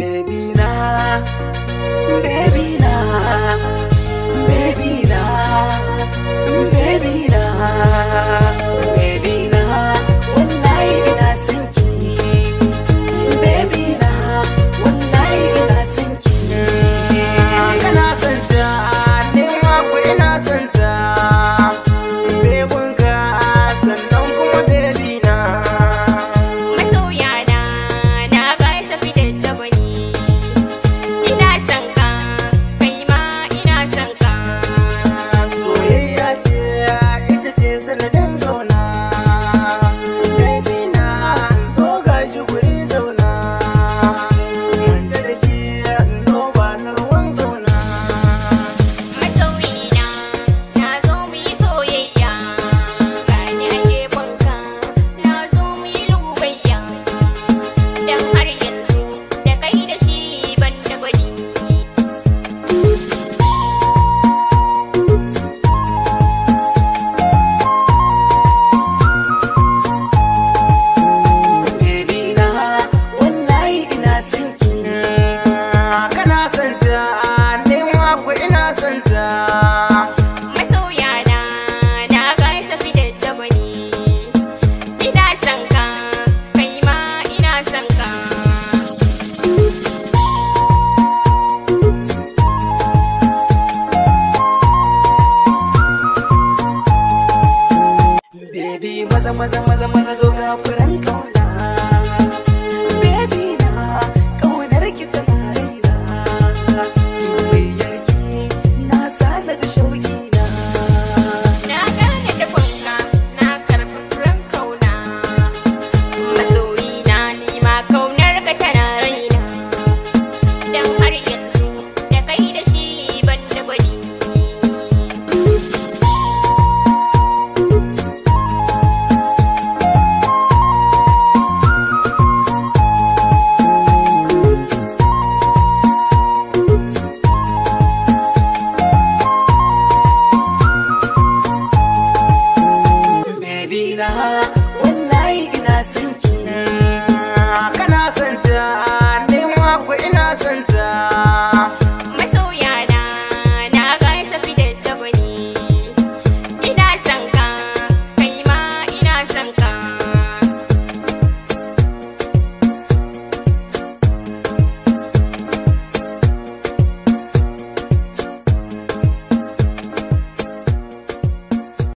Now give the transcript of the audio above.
baby now. bi maza maza maza maza zo ga furan